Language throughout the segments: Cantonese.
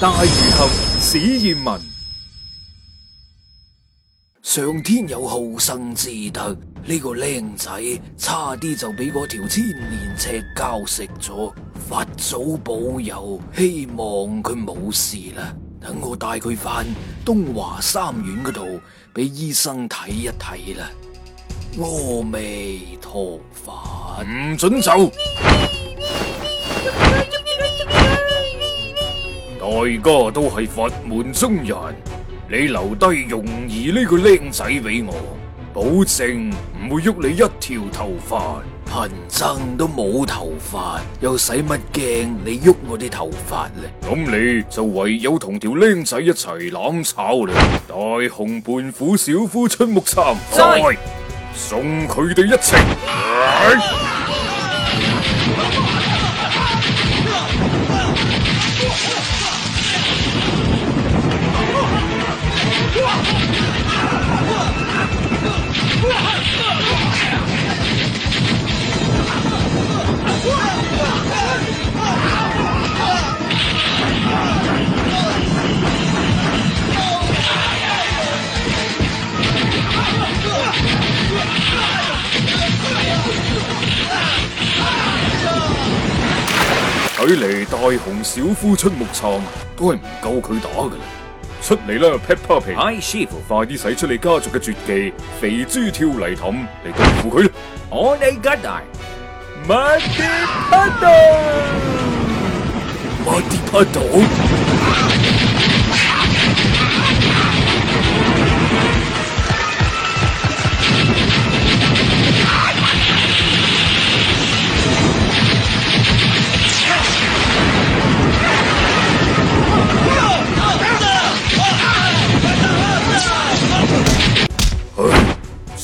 大儒俠史艷文，上天有好生之德，呢個靚仔差啲就俾嗰條千年赤蛟食咗，佛祖保佑，希望佢冇事啦。等我帶佢翻東華三院嗰度俾醫生睇一睇啦。阿彌陀佛，唔准走！ 外家都係佛門中人，你留低容易，呢個僆仔俾我，保證唔會郁你一條頭髮。貧僧都冇頭髮，又使乜驚你郁我啲頭髮咧？咁你就唯有同條僆仔一齊攬炒啦！大雄胖虎小夫出木杉，再送佢哋一程。.睇嚟大雄小夫出木杉都係唔夠佢打噶啦，出嚟啦 Pet Puppy，快啲使出你家族嘅絕技肥豬跳泥潭嚟對付佢啦！我哋今日無敵派對，無敵派對。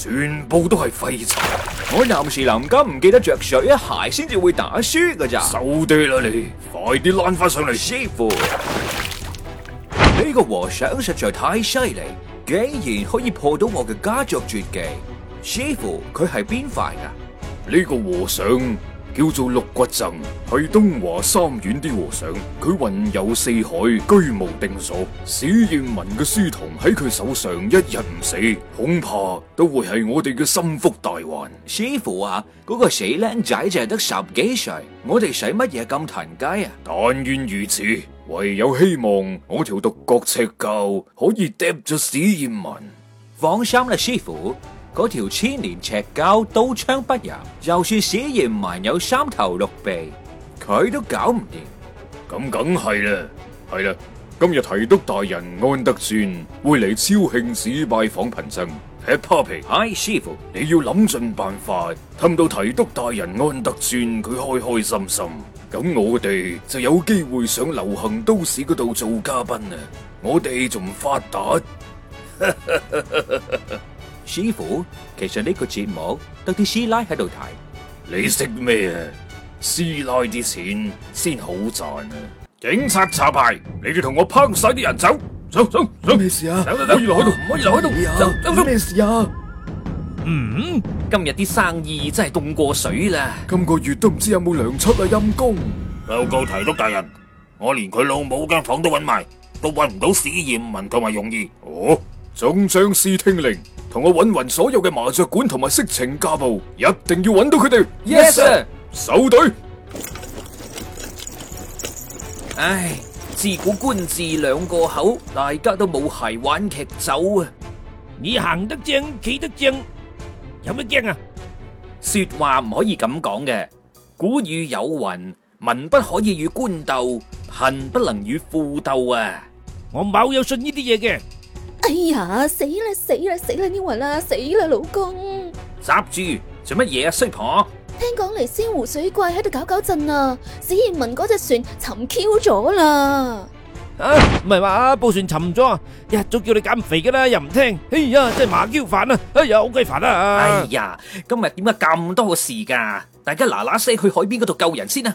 全部都係廢柴。我臨時臨急唔記得着水鞋先至會打輸噶咋？收啲啦你，快啲攋翻上嚟，師傅父。呢個和尚實在太犀利，竟然可以破到我嘅家族絕技。師傅，佢係邊塊噶？呢個和尚。叫做陸骨僧，係東華三院啲和尚，佢雲遊四海，居無定所。史艷文嘅書童喺佢手上，一日唔死，恐怕都會係我哋嘅心腹大患。師傅啊，嗰、嗰個死僆仔就係得十幾歲，我哋使乜嘢咁騰雞啊？但願如此，唯有希望我條獨角赤蛟可以掟咗史艷文。放心啦，師傅。嗰條千年赤蛟刀槍不入，就算史艷文有三頭六臂，佢都搞唔掂。咁梗係啦，係啦，今日提督大人安德尊會嚟超慶寺拜訪貧僧吃扒皮。嗨，師傅，你要諗盡辦法，氹到提督大人安德尊佢開開心心，咁我哋就有機會上流行都市嗰度做嘉賓啊！我哋仲發達。師傅，其實呢個節目得啲師奶喺度睇。你識咩？師奶啲錢先好賺啊！警察查牌，你哋同我拚晒啲人走，走走走。咩事啊？唔可以留喺度，唔可以留喺度。做咩事啊？嗯，今日啲生意真係凍過水啦。今個月都唔知有冇糧出啊！陰公，報告提督大人，我連佢老母間房都搵埋，都搵唔到史艷文同埋容兒。哦，眾將士聽令。同我搵勻所有嘅麻將館同埋色情家暴，一定要搵到佢哋。Yes sir，收隊。唉，自古官字兩個口，大家都冇鞋玩劇走啊！你行得正，企得正，有乜驚啊？說話唔可以咁講嘅。古語有云：民不可以與官鬥，恨不能與富鬥啊！我冇有信呢啲嘢嘅。哎呀！死啦死啦死啦呢云啦死啦老公！閘住做乜嘢啊，衰婆？聽講嚟仙湖水怪喺度搞搞震啊！史艷文嗰隻船沉 Q 咗啦！啊唔係話啊部船沉咗啊？日早叫你減肥噶啦又唔聽，哎呀真係麻蕉煩啊！哎呀好鬼煩啊！哎呀今日點解咁多嘅事噶？大家嗱嗱聲去海邊嗰度救人先啊！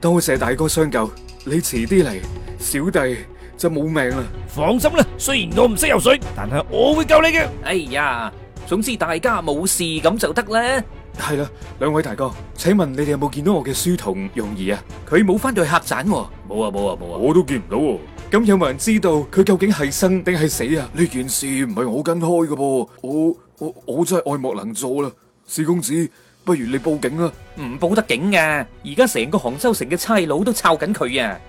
多謝大哥相救，你遲啲嚟，小弟就冇命啦。放心啦，雖然我唔識游水，但係我會救你嘅。哎呀，總之大家冇事咁就得啦。係啦，兩位大哥，請問你哋有冇見到我嘅書童容兒啊？佢冇翻到去客棧喎、啊。冇啊冇啊冇啊，啊，啊，啊，啊，我都見唔到。咁有冇人知道佢究竟係生定係死啊？呢件事唔係我跟開嘅噃，我我我真係愛莫能助啦，史公子。不如你報警啊！唔報得警嘅，而家成個杭州城嘅差佬都抄緊佢啊！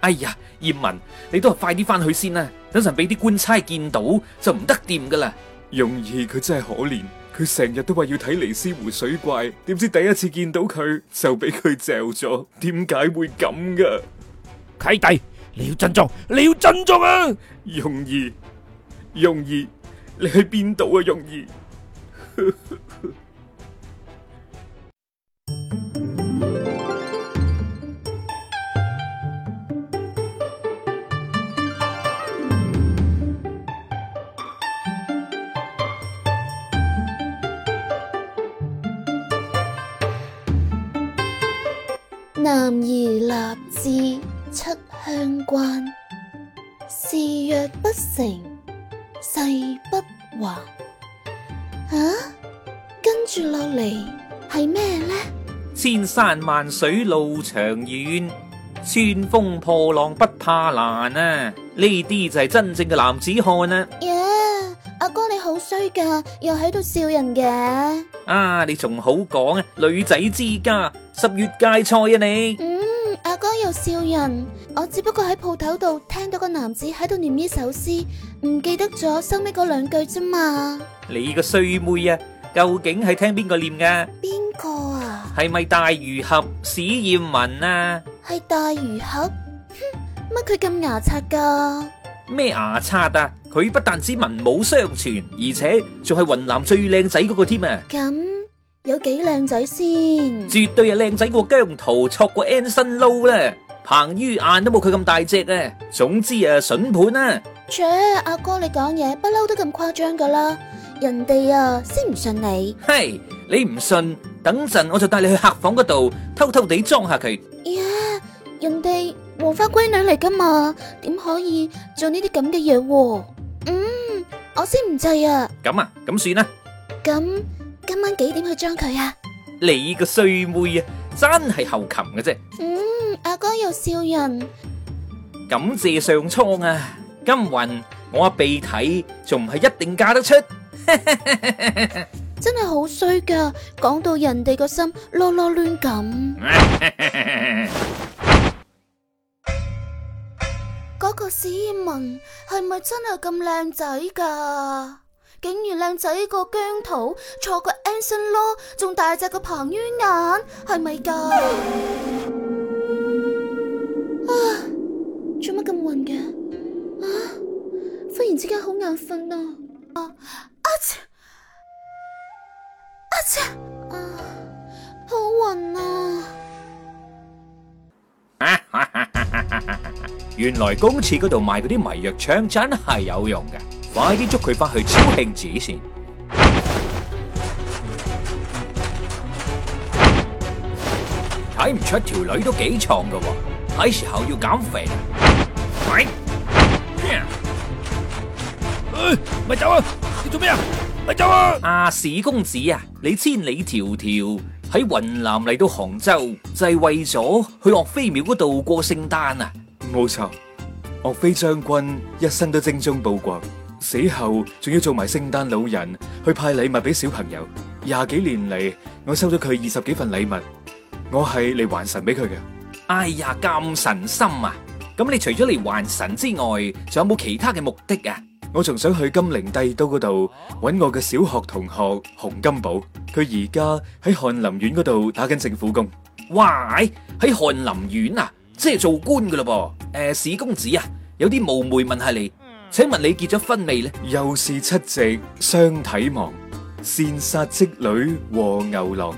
哎呀，艷文，你都係快啲翻去先啊！等陣俾啲官差見到就唔得掂噶啦！容兒，佢真係可憐，佢成日都話要睇尼斯湖水怪，點知第一次見到佢就俾佢嚼咗，點解會咁噶？契弟，你要振作，你要振作啊！容兒，容兒，你去邊度啊？容兒。關事若不成，誓不還。吓、啊，跟住落嚟係咩呢？千山萬水路長遠，千風破浪不怕難啊！呢啲就係真正嘅男子漢啊！耶，阿哥你好衰噶，又喺度笑人嘅。啊，你仲好講啊！女仔之家，十月芥菜啊你。阿、嗯、哥，哥又笑人。我只不過喺鋪頭度聽到個男子喺度念呢首詩，唔記得咗收尾嗰兩句啫嘛。你個衰妹啊，究竟係聽邊個念噶？邊個啊？係咪大儒俠史艷文啊？係大儒俠，哼，乜佢咁牙刷噶？咩牙刷啊？佢不但止文武雙全，而且仲係雲南最靚仔嗰個添啊！咁、嗯、有幾靚仔先？絕對係靚仔過姜濤，錯過 Anson Lo 啦！彭于晏都冇佢咁大隻啊！總之啊，筍盤啦。切，阿哥你講嘢不嬲都咁誇張噶啦，人哋啊先唔信你。嘿，你唔信，等陣我就帶你去客房嗰度偷偷地裝下佢。呀，人哋黃花閨女嚟噶嘛，點可以做呢啲咁嘅嘢？嗯，我先唔制啊。咁啊，咁算啦。咁今晚幾點去裝佢啊？你個衰妹啊，真係後擒嘅啫。嗯。阿哥又笑人，感謝上蒼啊！金雲，我阿鼻睇仲唔係一定嫁得出？真係好衰噶，講到人哋個心囉囉攣咁。嗰個市民係咪真係咁靚仔噶？竟然靚仔個薑濤，坐個 Anson 咯，仲大隻個彭于晏，係咪噶？而家好眼瞓啊！阿赤，阿赤，啊，好暈啊！原來公廁嗰度賣嗰啲迷藥槍真係有用嘅，快啲捉佢翻去超慶寺先。睇唔出條女都幾壯噶，係時候要減肥。喂。咪走啊！你做咩啊？咪走啊！阿史公子啊，你千里迢迢喺雲南嚟到杭州，就係為咗去岳飛廟嗰度過聖誕啊！冇錯，岳飛將軍一生都精忠報國，死後仲要做埋聖誕老人去派禮物俾小朋友。廿幾年嚟，我收咗佢二十幾份禮物，我係嚟還神俾佢嘅。哎呀，咁神心啊！咁你除咗嚟還神之外，仲有冇其他嘅目的啊？我仲想去金陵帝都嗰度揾我嘅小學同學洪金寶，佢而家喺翰林院嗰度打緊政府工。哇！喺翰林院啊，即係做官噶咯噃。誒，史公子啊，有啲冒昧，問下你，請問你結咗婚未咧？又是七夕雙體亡，羨煞織女和牛郎。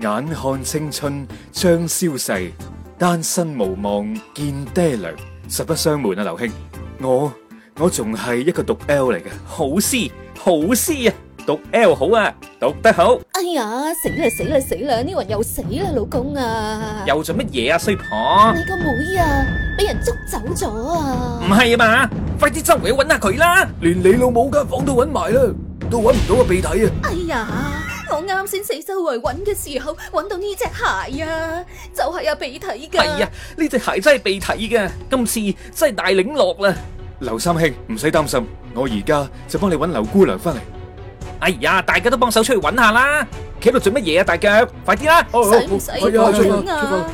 眼看青春將消逝，單身無望見爹娘。實不相瞞啊，劉兄，我。我仲係一個讀 L 嚟嘅，好師好師啊，讀 L 好啊，讀得好。哎呀，死啦死啦死啦，呢個人又死啦，老公啊！又做乜嘢啊，衰婆？你個妹啊，俾人捉走咗啊！唔係啊嘛，快啲周圍揾下佢啦！連你老母間房都揾埋啦，都揾唔到個鼻涕啊！體啊，哎呀，我啱先四，周圍揾嘅時候，揾到呢隻鞋啊，就係有鼻涕嘅。係啊，呢、哎、隻鞋真係鼻涕嘅，今次真係大領落啦！劉三兄唔使擔心，我而家就幫你揾劉姑娘翻嚟。哎呀，大家都幫手出去揾下啦！企度做乜嘢啊？大腳，快啲啦！使唔使啊？